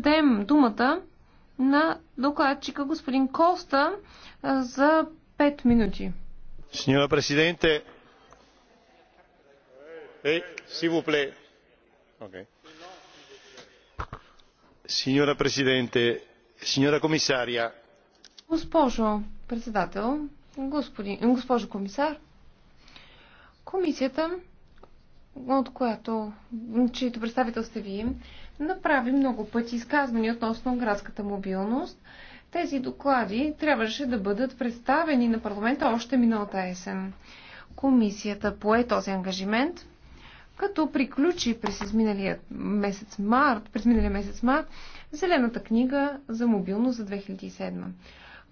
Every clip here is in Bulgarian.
дадем думата на докладчика господин Коста за 5 минути. Сеньора президенте, eh, s'il vous сеньора Okay. Signora Presidente, Госпожо председател, господин, госпожо комисар, комисията, от която, чието представител сте вие, направи много пъти изказвания относно градската мобилност. Тези доклади трябваше да бъдат представени на парламента още миналата есен. Комисията пое този ангажимент, като приключи през изминалия месец март, през миналия месец март, Зелената книга за мобилност за 2007.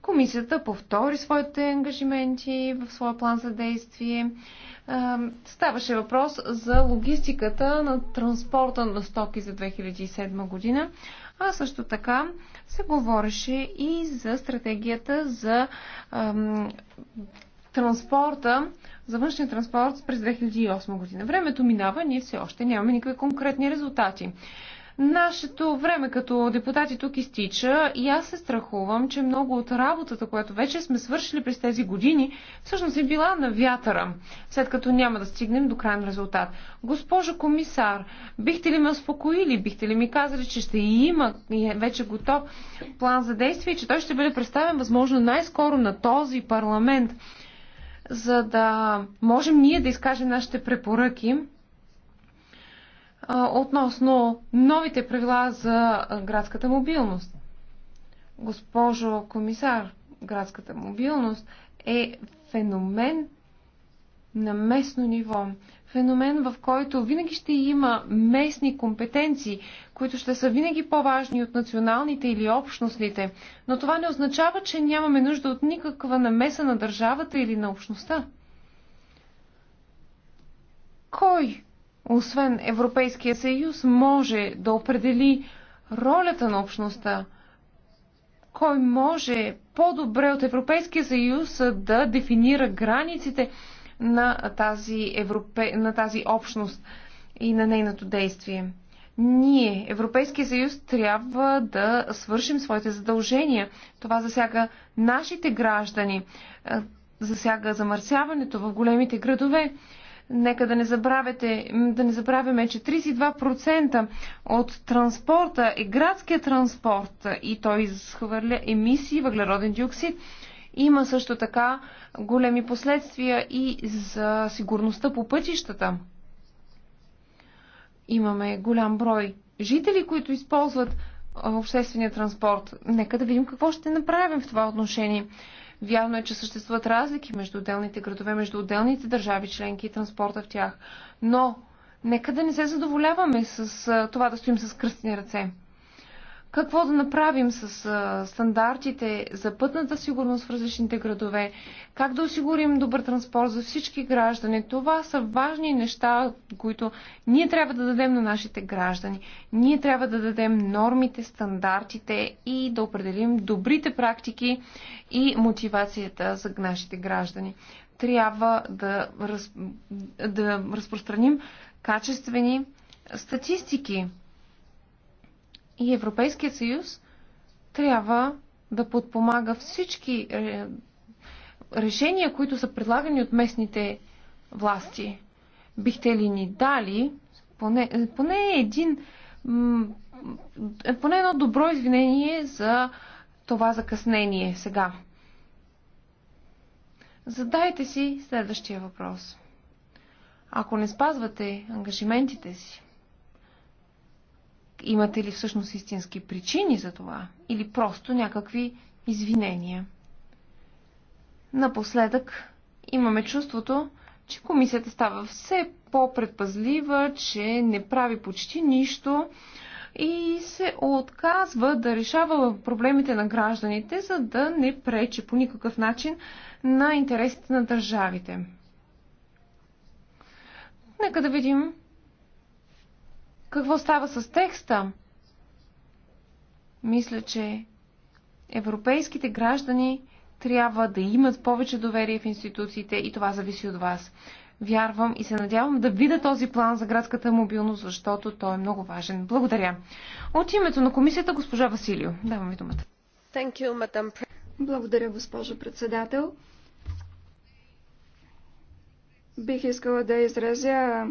Комисията повтори своите ангажименти в своя план за действие. Ставаше въпрос за логистиката на транспорта на стоки за 2007 година, а също така се говореше и за стратегията за транспорта, за външния транспорт през 2008 година. Времето минава, ние все още нямаме никакви конкретни резултати. Нашето време като депутати тук изтича и аз се страхувам, че много от работата, която вече сме свършили през тези години, всъщност е била на вятъра, след като няма да стигнем до крайен резултат. Госпожо комисар, бихте ли ме успокоили, бихте ли ми казали, че ще има е вече готов план за действие и че той ще бъде представен възможно най-скоро на този парламент, за да можем ние да изкажем нашите препоръки относно новите правила за градската мобилност. Госпожо комисар, градската мобилност е феномен на местно ниво. Феномен, в който винаги ще има местни компетенции, които ще са винаги по-важни от националните или общностните. Но това не означава, че нямаме нужда от никаква намеса на държавата или на общността. Кой освен Европейския съюз, може да определи ролята на общността, кой може по-добре от Европейския съюз да дефинира границите на тази, европе... на тази общност и на нейното действие. Ние, Европейския съюз, трябва да свършим своите задължения. Това засяга нашите граждани, засяга замърсяването в големите градове. Нека да не, забравяте, да не забравяме, че 32% от транспорта е градския транспорт и той изхвърля емисии въглероден диоксид. Има също така големи последствия и за сигурността по пътищата. Имаме голям брой жители, които използват обществения транспорт. Нека да видим какво ще направим в това отношение. Вярно е, че съществуват разлики между отделните градове, между отделните държави членки и транспорта в тях. Но нека да не се задоволяваме с това да стоим с кръстни ръце какво да направим с а, стандартите за пътната сигурност в различните градове, как да осигурим добър транспорт за всички граждани. Това са важни неща, които ние трябва да дадем на нашите граждани. Ние трябва да дадем нормите, стандартите и да определим добрите практики и мотивацията за нашите граждани. Трябва да, разп... да разпространим качествени статистики и Европейският съюз трябва да подпомага всички е, решения, които са предлагани от местните власти. Бихте ли ни дали поне, поне един поне едно добро извинение за това закъснение сега. Задайте си следващия въпрос. Ако не спазвате ангажиментите си, Имате ли всъщност истински причини за това? Или просто някакви извинения? Напоследък имаме чувството, че комисията става все по-предпазлива, че не прави почти нищо и се отказва да решава проблемите на гражданите, за да не пречи по никакъв начин на интересите на държавите. Нека да видим какво става с текста? Мисля, че европейските граждани трябва да имат повече доверие в институциите и това зависи от вас. Вярвам и се надявам да видя този план за градската мобилност, защото той е много важен. Благодаря. От името на комисията госпожа Василио. Давам ви думата. You, Благодаря, госпожо председател. Бих искала да изразя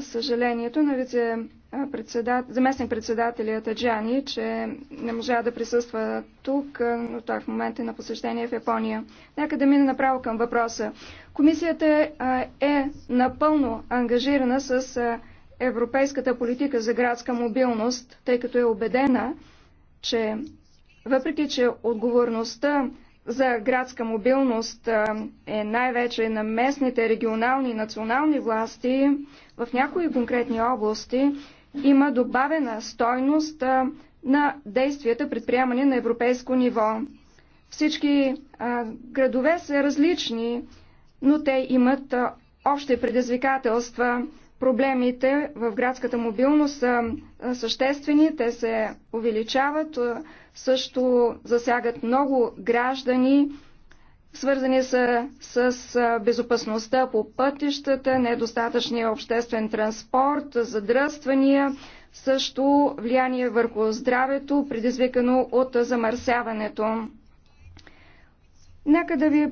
съжалението на вице заместник председателят Джани, че не можа да присъства тук, но той в момента е на посещение в Япония. Нека да мина направо към въпроса. Комисията е напълно ангажирана с европейската политика за градска мобилност, тъй като е убедена, че въпреки, че отговорността за градска мобилност е най-вече на местните, регионални и национални власти, в някои конкретни области има добавена стойност на действията, предприемани на европейско ниво. Всички градове са различни, но те имат общи предизвикателства. Проблемите в градската мобилност са съществени, те се увеличават, също засягат много граждани, свързани са с безопасността по пътищата, недостатъчния обществен транспорт, задръствания, също влияние върху здравето, предизвикано от замърсяването. Нека да ви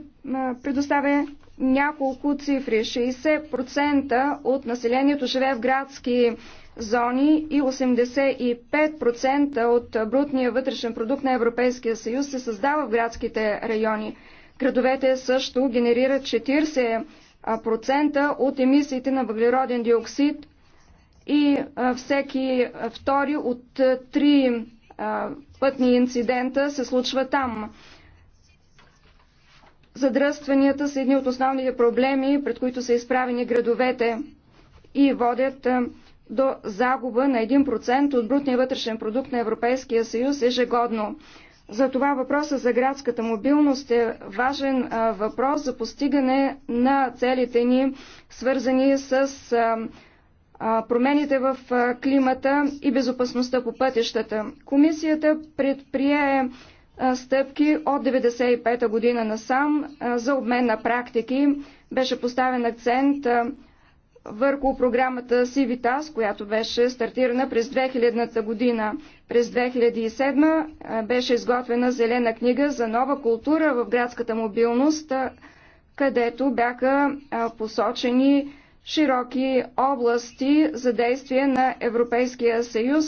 предоставя няколко цифри. 60% от населението живее в градски зони и 85% от брутния вътрешен продукт на Европейския съюз се създава в градските райони. Градовете също генерират 40% от емисиите на въглероден диоксид и всеки втори от три пътни инцидента се случва там. Задръстванията са едни от основните проблеми, пред които са изправени градовете и водят до загуба на 1% от брутния вътрешен продукт на Европейския съюз ежегодно. Затова въпросът за градската мобилност е важен въпрос за постигане на целите ни, свързани с промените в климата и безопасността по пътищата. Комисията предприе стъпки от 1995 година насам за обмен на практики. Беше поставен акцент върху програмата Civitas, която беше стартирана през 2000 година. През 2007 беше изготвена зелена книга за нова култура в градската мобилност, където бяха посочени широки области за действие на Европейския съюз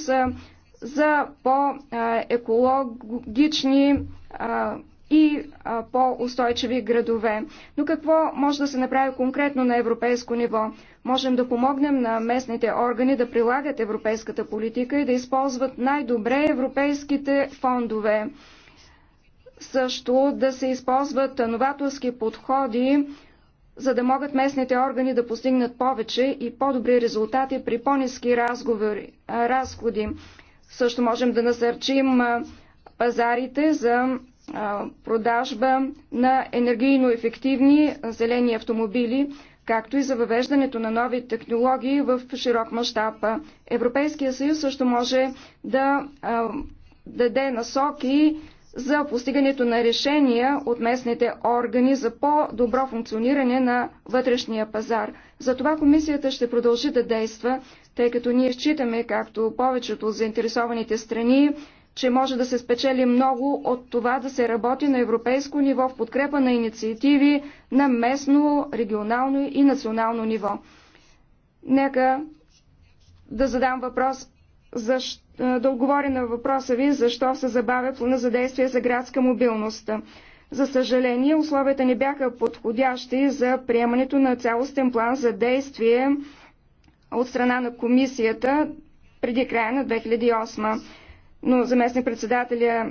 за по-екологични и по-устойчиви градове. Но какво може да се направи конкретно на европейско ниво? Можем да помогнем на местните органи да прилагат европейската политика и да използват най-добре европейските фондове. Също да се използват новаторски подходи, за да могат местните органи да постигнат повече и по-добри резултати при по-низки разходи. Също можем да насърчим пазарите за продажба на енергийно ефективни зелени автомобили, както и за въвеждането на нови технологии в широк мащаб. Европейския съюз също може да даде насоки за постигането на решения от местните органи за по-добро функциониране на вътрешния пазар. Затова комисията ще продължи да действа, тъй като ние считаме, както повечето от заинтересованите страни, че може да се спечели много от това да се работи на европейско ниво в подкрепа на инициативи на местно, регионално и национално ниво. Нека да задам въпрос, защ... да отговоря на въпроса ви, защо се забавя плана за действие за градска мобилност. За съжаление, условията не бяха подходящи за приемането на цялостен план за действие от страна на комисията преди края на 2008. Но заместник председателя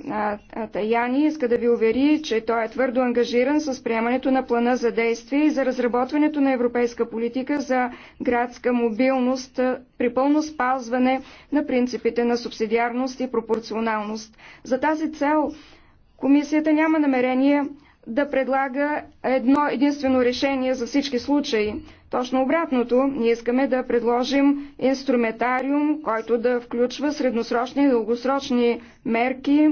Таяни иска да ви увери, че той е твърдо ангажиран с приемането на плана за действие и за разработването на европейска политика за градска мобилност при пълно спазване на принципите на субсидиарност и пропорционалност. За тази цел комисията няма намерение да предлага едно единствено решение за всички случаи. Точно обратното, ние искаме да предложим инструментариум, който да включва средносрочни и дългосрочни мерки,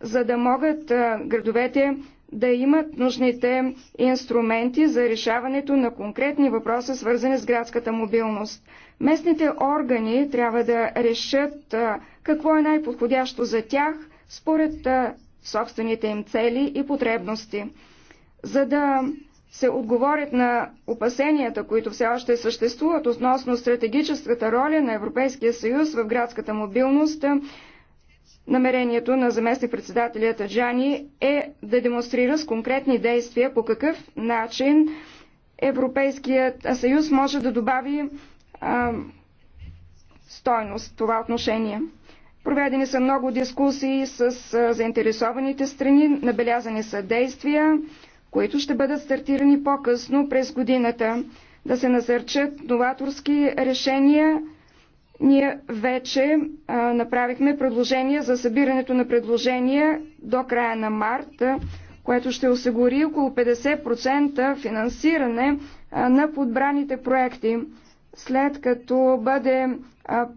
за да могат градовете да имат нужните инструменти за решаването на конкретни въпроси, свързани с градската мобилност. Местните органи трябва да решат какво е най-подходящо за тях според собствените им цели и потребности. За да се отговорят на опасенията, които все още съществуват относно стратегическата роля на Европейския съюз в градската мобилност, намерението на заместник-председателя Таджани е да демонстрира с конкретни действия по какъв начин Европейският съюз може да добави а, стойност в това отношение. Проведени са много дискусии с заинтересованите страни, набелязани са действия, които ще бъдат стартирани по-късно през годината, да се насърчат новаторски решения. Ние вече а, направихме предложение за събирането на предложения до края на март, което ще осигури около 50% финансиране а, на подбраните проекти. След като бъде а,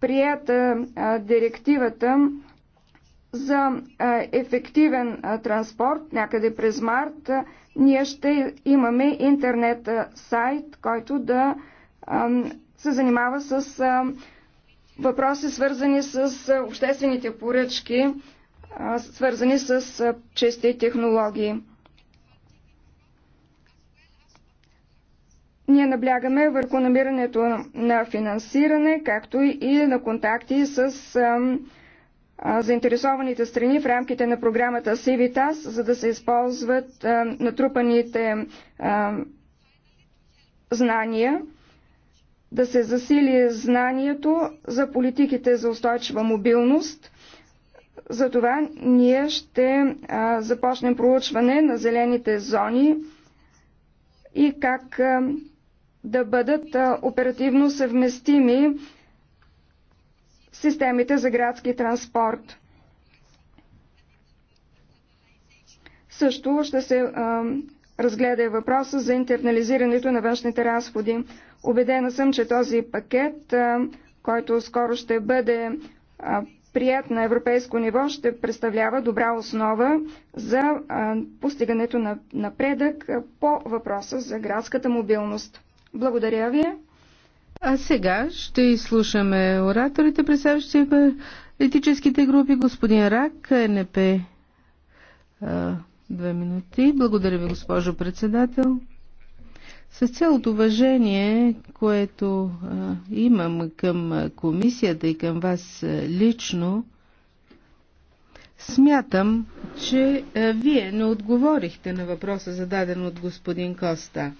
прията а, директивата за ефективен транспорт някъде през март ние ще имаме интернет сайт, който да се занимава с въпроси, свързани с обществените поръчки, свързани с чести технологии. Ние наблягаме върху намирането на финансиране, както и на контакти с заинтересованите страни в рамките на програмата Сивитас, за да се използват натрупаните знания, да се засили знанието за политиките за устойчива мобилност. За това ние ще започнем проучване на зелените зони и как да бъдат оперативно съвместими системите за градски транспорт. Също ще се а, разгледа въпроса за интернализирането на външните разходи. Обедена съм, че този пакет, а, който скоро ще бъде а, прият на европейско ниво, ще представлява добра основа за а, постигането на напредък по въпроса за градската мобилност. Благодаря ви. А сега ще изслушаме ораторите, представящи етическите групи. Господин Рак, НП. Две минути. Благодаря ви, госпожо председател. С цялото уважение, което а, имам към комисията и към вас лично, смятам, че а, вие не отговорихте на въпроса зададен от господин Коста.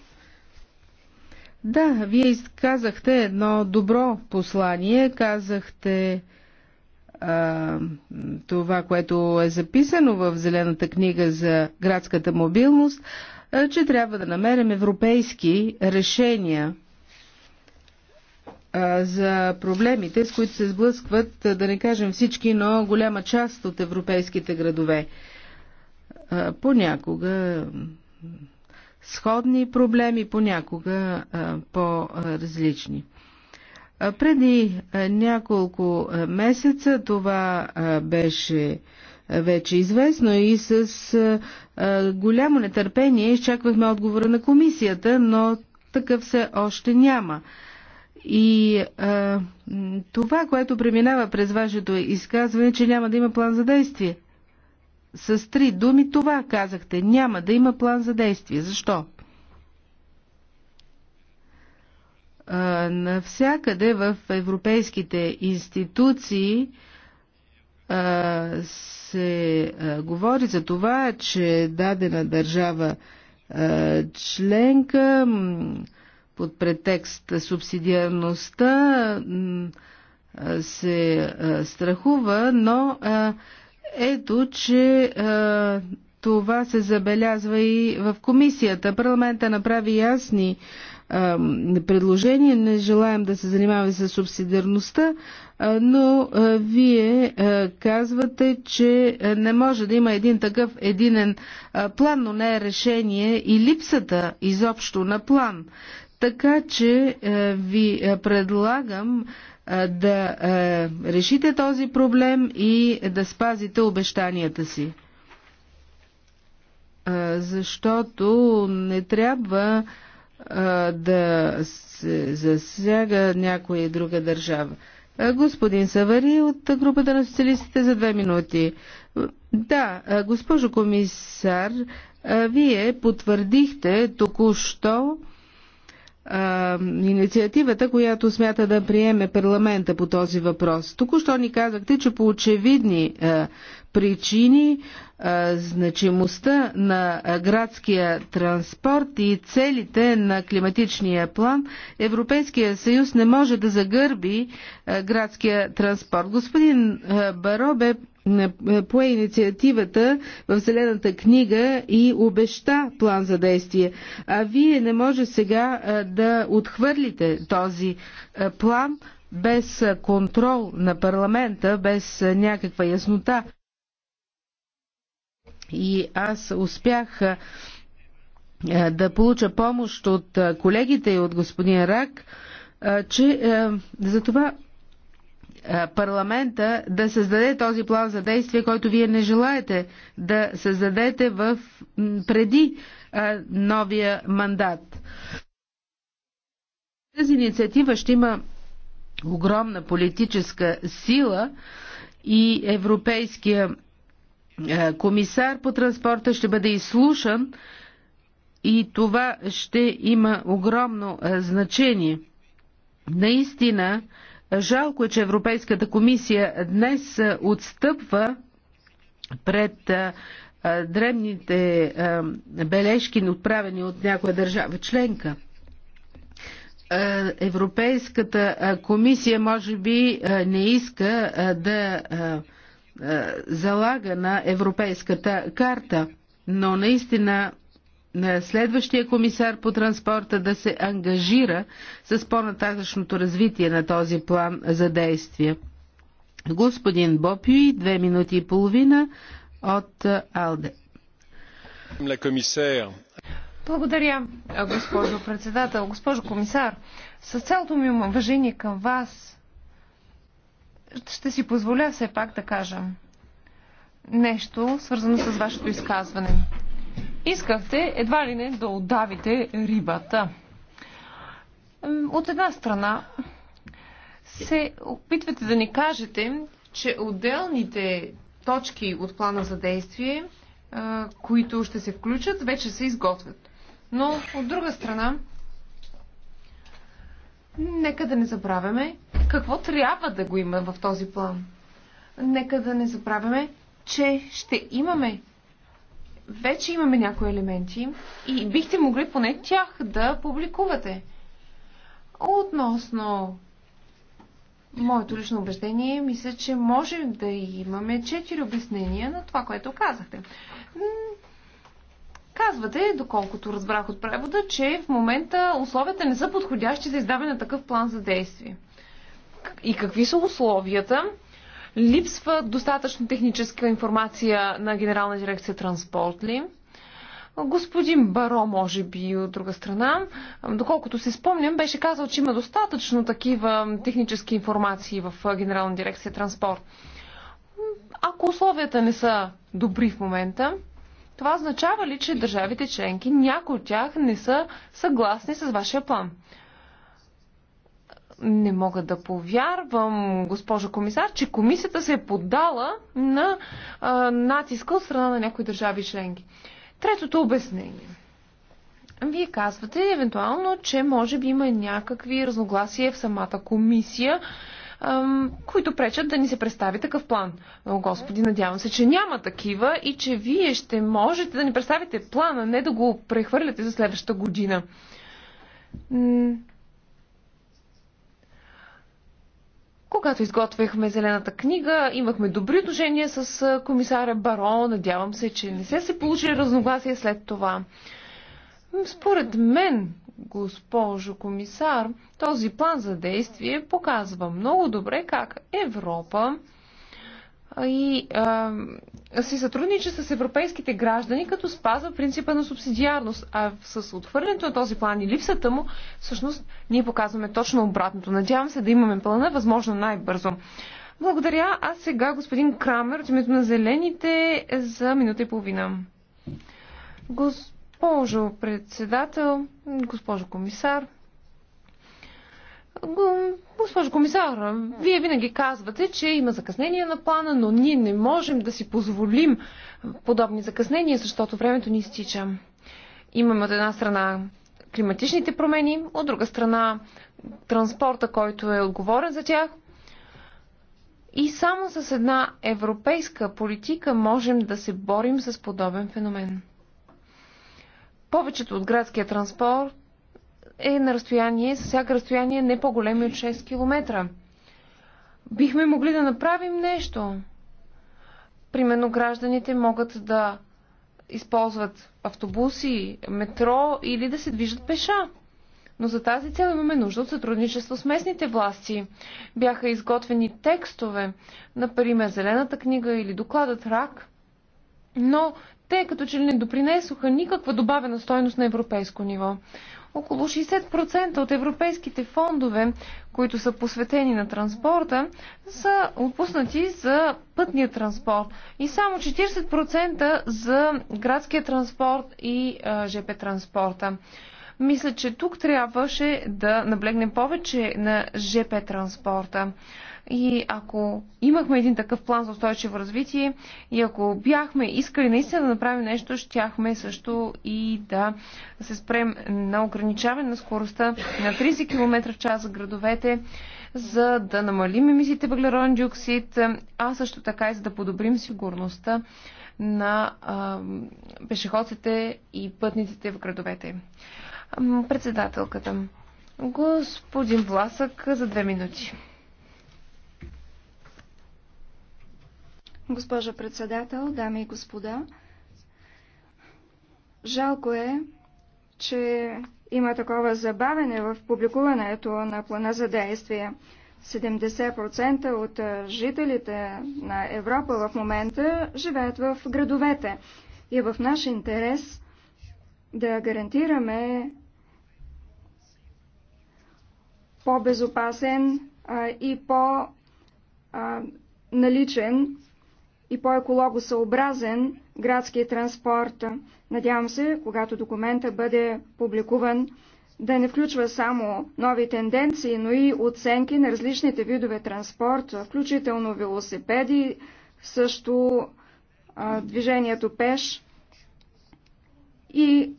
Да, вие изказахте едно добро послание, казахте а, това, което е записано в Зелената книга за градската мобилност, а, че трябва да намерим европейски решения а, за проблемите, с които се сблъскват, да не кажем всички, но голяма част от европейските градове. А, понякога сходни проблеми, понякога по-различни. Преди няколко месеца това беше вече известно и с голямо нетърпение изчаквахме отговора на комисията, но такъв все още няма. И а, това, което преминава през вашето изказване, че няма да има план за действие. С три думи това казахте. Няма да има план за действие. Защо? навсякъде в европейските институции се говори за това, че дадена държава членка под претекст субсидиарността се страхува, но ето, че е, това се забелязва и в комисията. Парламента направи ясни е, предложения. Не желаем да се занимаваме с субсидиарността, е, но вие казвате, че не може да има един такъв единен план, но не е решение и липсата изобщо на план. Така че е, ви е, предлагам е, да решите този проблем и да спазите обещанията си. Защото не трябва да се засяга някоя друга държава. Господин Савари от групата на социалистите за две минути. Да, госпожо комисар, вие потвърдихте току-що, а, инициативата, която смята да приеме парламента по този въпрос. Току-що ни казахте, че по очевидни а, причини а, значимостта на градския транспорт и целите на климатичния план Европейския съюз не може да загърби а, градския транспорт. Господин а, Баро бе е, пое инициативата в Зелената книга и обеща план за действие. А вие не може сега е, да отхвърлите този е, план без контрол на парламента, без някаква яснота. И аз успях да получа помощ от колегите и от господин Рак, че за това е, парламента да създаде този план за действие, който вие не желаете да създадете в, преди е, новия мандат. Тази инициатива ще има огромна политическа сила и Европейския е, комисар по транспорта ще бъде изслушан и това ще има огромно значение. Наистина, Жалко е, че Европейската комисия днес отстъпва пред древните бележки, отправени от някоя държава членка. Европейската комисия може би не иска да залага на европейската карта, но наистина на следващия комисар по транспорта да се ангажира с по-нататъчното развитие на този план за действие. Господин Бопюи, две минути и половина от Алде. Благодаря, госпожо председател. Госпожо комисар, с цялото ми уважение към вас, ще си позволя все пак да кажа нещо, свързано с вашето изказване искахте едва ли не да отдавите рибата. От една страна се опитвате да ни кажете, че отделните точки от плана за действие, които ще се включат, вече се изготвят. Но от друга страна, нека да не забравяме какво трябва да го има в този план. Нека да не забравяме, че ще имаме вече имаме някои елементи и бихте могли поне тях да публикувате. Относно моето лично убеждение, мисля, че можем да имаме четири обяснения на това, което казахте. Казвате, доколкото разбрах от превода, че в момента условията не са подходящи за издаване на такъв план за действие. И какви са условията? Липсва достатъчно техническа информация на Генерална дирекция Транспорт ли? Господин Баро, може би, от друга страна, доколкото си спомням, беше казал, че има достатъчно такива технически информации в Генерална дирекция Транспорт. Ако условията не са добри в момента, това означава ли, че държавите членки, някои от тях не са съгласни с вашия план? Не мога да повярвам, госпожо комисар, че комисията се е поддала на а, натиска от страна на някои държави членки. Третото обяснение. Вие казвате, евентуално, че може би има някакви разногласия в самата комисия, ам, които пречат да ни се представи такъв план. О, Господи, надявам се, че няма такива и че вие ще можете да ни представите плана, не да го прехвърляте за следващата година. Когато изготвяхме Зелената книга, имахме добри отношения с комисаря Баро. Надявам се, че не се се получи разногласие след това. Според мен, госпожо комисар, този план за действие показва много добре как Европа и а, се сътрудничи с европейските граждани, като спазва принципа на субсидиарност. А с отхвърлянето на този план и липсата му, всъщност, ние показваме точно обратното. Надявам се да имаме плана, възможно най-бързо. Благодаря. А сега господин Крамер от името на Зелените за минута и половина. Госпожо председател, госпожо комисар, Госпожо комисар, вие винаги казвате, че има закъснение на плана, но ние не можем да си позволим подобни закъснения, защото времето ни изтича. Имаме от една страна климатичните промени, от друга страна транспорта, който е отговорен за тях. И само с една европейска политика можем да се борим с подобен феномен. Повечето от градския транспорт е на разстояние, с всяка разстояние не по-големи от 6 км. Бихме могли да направим нещо. Примерно гражданите могат да използват автобуси, метро или да се движат пеша. Но за тази цел имаме нужда от сътрудничество с местните власти. Бяха изготвени текстове, например Зелената книга или докладът РАК, но те като че ли не допринесоха никаква добавена стойност на европейско ниво около 60% от европейските фондове, които са посветени на транспорта, са отпуснати за пътния транспорт и само 40% за градския транспорт и ЖП транспорта. Мисля, че тук трябваше да наблегнем повече на ЖП транспорта. И ако имахме един такъв план за устойчиво развитие и ако бяхме искали наистина да направим нещо, щяхме също и да се спрем на ограничаване на скоростта на 30 км в час за градовете, за да намалим емисиите въглероден диоксид, а също така и за да подобрим сигурността на а, пешеходците и пътниците в градовете. Председателката. Господин Власък за две минути. Госпожа председател, дами и господа, жалко е, че има такова забавене в публикуването на плана за действие. 70% от жителите на Европа в момента живеят в градовете. И е в наш интерес да гарантираме по-безопасен и по-наличен и по-екологосъобразен градски транспорт. Надявам се, когато документа бъде публикуван, да не включва само нови тенденции, но и оценки на различните видове транспорт, включително велосипеди, също а, движението пеш и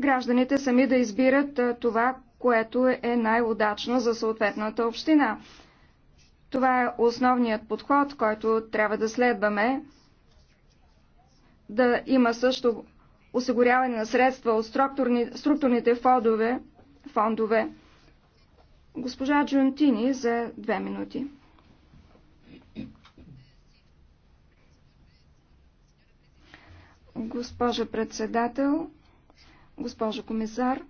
гражданите сами да избират а, това, което е най-удачно за съответната община. Това е основният подход, който трябва да следваме. Да има също осигуряване на средства от структурни, структурните фондове, фондове. Госпожа Джунтини за две минути. Госпожа председател, госпожа комисар,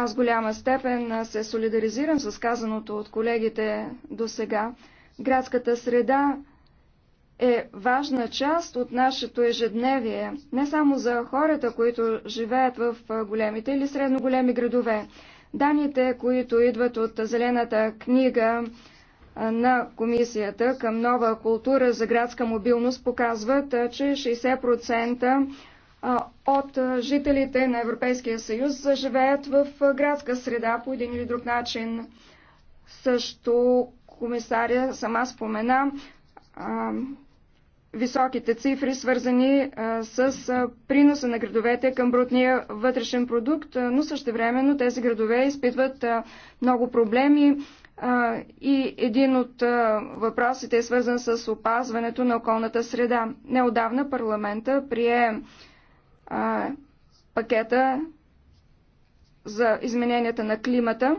Аз голяма степен се солидаризирам с казаното от колегите до сега. Градската среда е важна част от нашето ежедневие, не само за хората, които живеят в големите или средно големи градове. Даните, които идват от Зелената книга на Комисията към нова култура за градска мобилност, показват, че 60% от жителите на Европейския съюз живеят в градска среда по един или друг начин. Също комисаря сама спомена високите цифри, свързани с приноса на градовете към брутния вътрешен продукт, но също времено тези градове изпитват много проблеми и един от въпросите е свързан с опазването на околната среда. Неодавна парламента прие а, пакета за измененията на климата.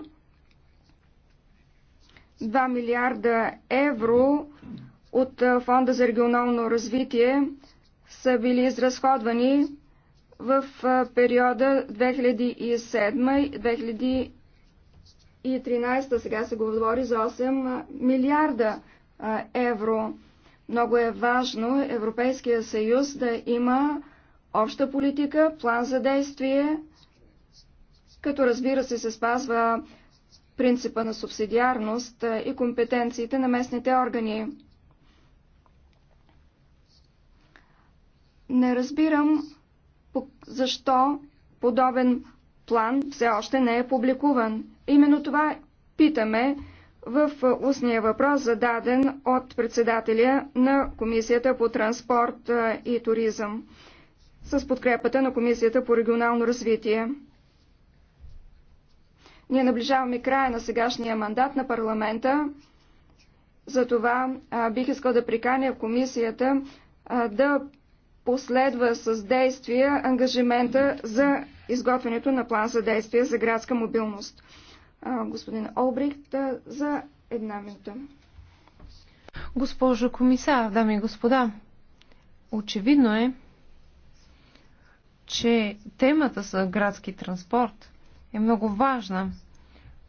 2 милиарда евро от Фонда за регионално развитие са били изразходвани в периода 2007-2013. Сега се говори за 8 милиарда евро. Много е важно Европейския съюз да има обща политика, план за действие, като разбира се се спазва принципа на субсидиарност и компетенциите на местните органи. Не разбирам защо подобен план все още не е публикуван. Именно това питаме в устния въпрос, зададен от председателя на Комисията по транспорт и туризъм с подкрепата на Комисията по регионално развитие. Ние наближаваме края на сегашния мандат на парламента. Затова бих искал да приканя комисията да последва с действия ангажимента за изготвянето на план за действие за градска мобилност. господин Олбрихт, за една минута. Госпожо комисар, дами и господа, очевидно е, че темата за градски транспорт е много важна,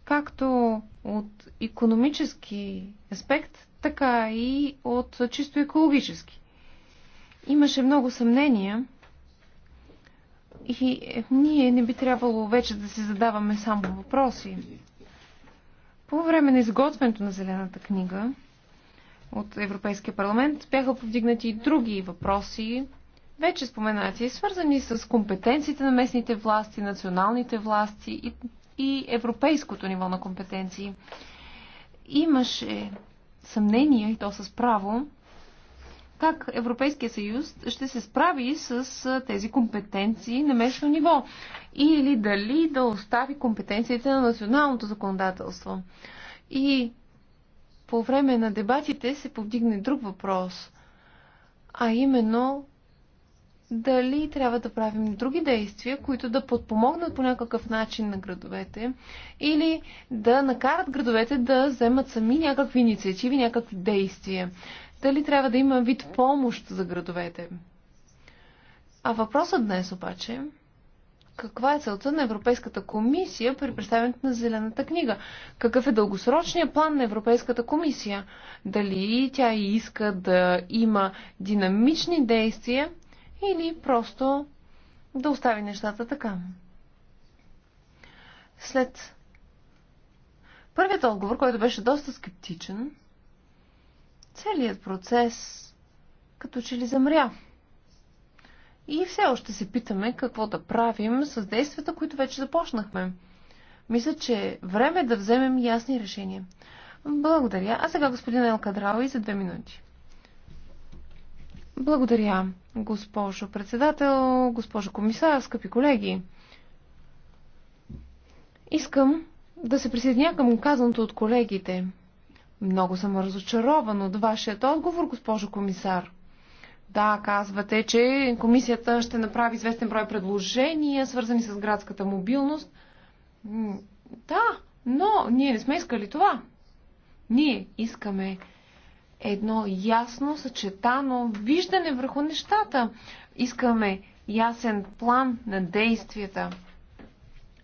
както от економически аспект, така и от чисто екологически. Имаше много съмнения и ние не би трябвало вече да се задаваме само въпроси. По време на изготвянето на Зелената книга от Европейския парламент бяха повдигнати и други въпроси, вече споменати, свързани с компетенциите на местните власти, националните власти и, и европейското ниво на компетенции. Имаше съмнение, и то с право, как Европейския съюз ще се справи с тези компетенции на местно ниво или дали да остави компетенциите на националното законодателство. И по време на дебатите се повдигне друг въпрос, а именно дали трябва да правим други действия, които да подпомогнат по някакъв начин на градовете или да накарат градовете да вземат сами някакви инициативи, някакви действия. Дали трябва да има вид помощ за градовете. А въпросът днес обаче каква е целта на Европейската комисия при представянето на Зелената книга? Какъв е дългосрочният план на Европейската комисия? Дали тя иска да има динамични действия или просто да остави нещата така. След първият отговор, който беше доста скептичен, целият процес като че ли замря. И все още се питаме какво да правим с действията, които вече започнахме. Мисля, че е време да вземем ясни решения. Благодаря. А сега господин и за две минути. Благодаря, госпожо председател, госпожо комисар, скъпи колеги. Искам да се присъединя към казаното от колегите. Много съм разочарован от вашият отговор, госпожо комисар. Да, казвате, че комисията ще направи известен брой предложения, свързани с градската мобилност. Да, но ние не сме искали това. Ние искаме едно ясно съчетано виждане върху нещата. Искаме ясен план на действията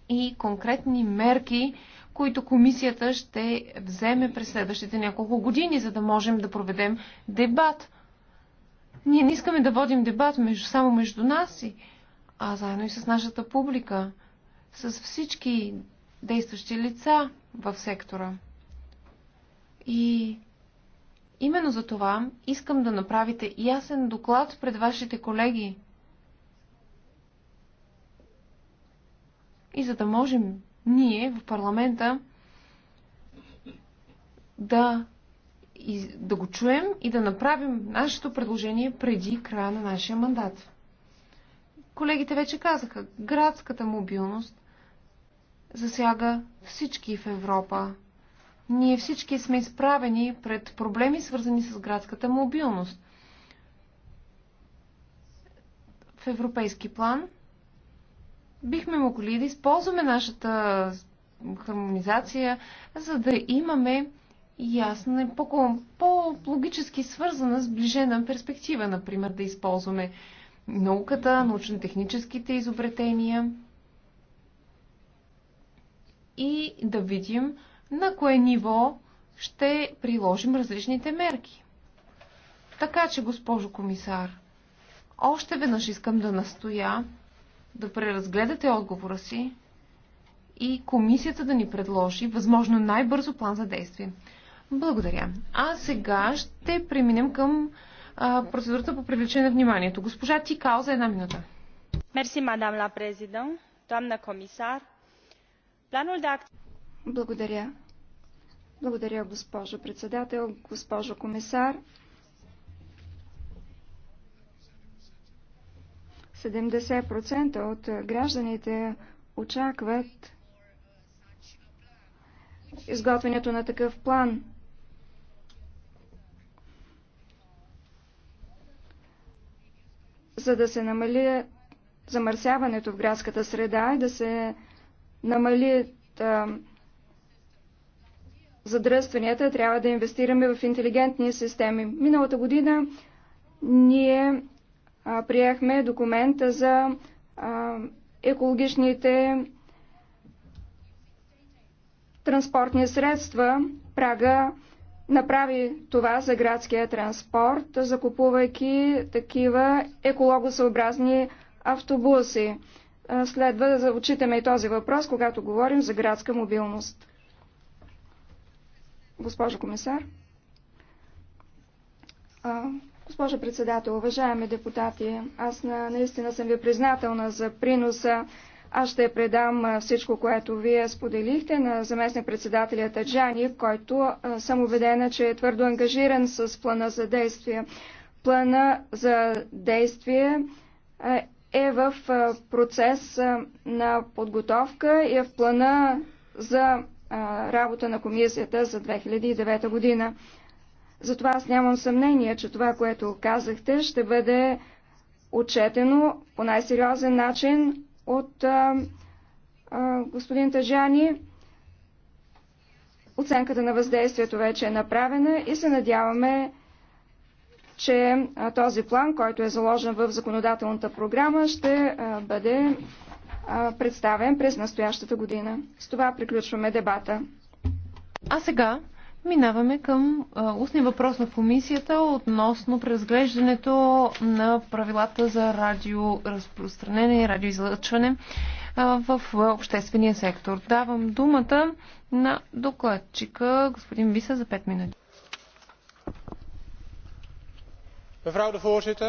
и конкретни мерки, които комисията ще вземе през следващите няколко години, за да можем да проведем дебат. Ние не искаме да водим дебат между, само между нас, и, а заедно и с нашата публика, с всички действащи лица в сектора. И Именно за това искам да направите ясен доклад пред вашите колеги. И за да можем ние в парламента да, да го чуем и да направим нашето предложение преди края на нашия мандат. Колегите вече казаха, градската мобилност засяга всички в Европа ние всички сме изправени пред проблеми, свързани с градската мобилност. В европейски план бихме могли да използваме нашата хармонизация, за да имаме ясна и по-логически по свързана, сближена перспектива, например, да използваме науката, научно-техническите изобретения и да видим, на кое ниво ще приложим различните мерки. Така че, госпожо комисар, още веднъж искам да настоя да преразгледате отговора си и комисията да ни предложи възможно най-бързо план за действие. Благодаря. А сега ще преминем към а, процедурата по привлечение на вниманието. Госпожа Тикал за една минута. Мерси, мадам ла президент, на комисар. Благодаря. Благодаря, госпожо председател, госпожо комисар. 70% от гражданите очакват изготвянето на такъв план. За да се намали замърсяването в градската среда и да се намали задръстванията, трябва да инвестираме в интелигентни системи. Миналата година ние а, приехме документа за а, екологичните транспортни средства. Прага направи това за градския транспорт, закупувайки такива екологосъобразни автобуси. Следва да отчитаме и този въпрос, когато говорим за градска мобилност. Госпожо комисар. Госпожо председател, уважаеми депутати, аз на, наистина съм ви признателна за приноса. Аз ще предам всичко, което вие споделихте на заместник председателя Таджани, който съм убедена, че е твърдо ангажиран с плана за действие. Плана за действие е в процес на подготовка и е в плана за работа на комисията за 2009 година. Затова аз нямам съмнение, че това, което казахте, ще бъде отчетено по най-сериозен начин от а, а, господин Тажани. Оценката на въздействието вече е направена и се надяваме, че а, този план, който е заложен в законодателната програма, ще а, бъде представен през настоящата година. С това приключваме дебата. А сега минаваме към устния въпрос на комисията относно преразглеждането на правилата за радиоразпространение и радиоизлъчване в обществения сектор. Давам думата на докладчика господин Виса за 5 минути. Mevrouw de voorzitter,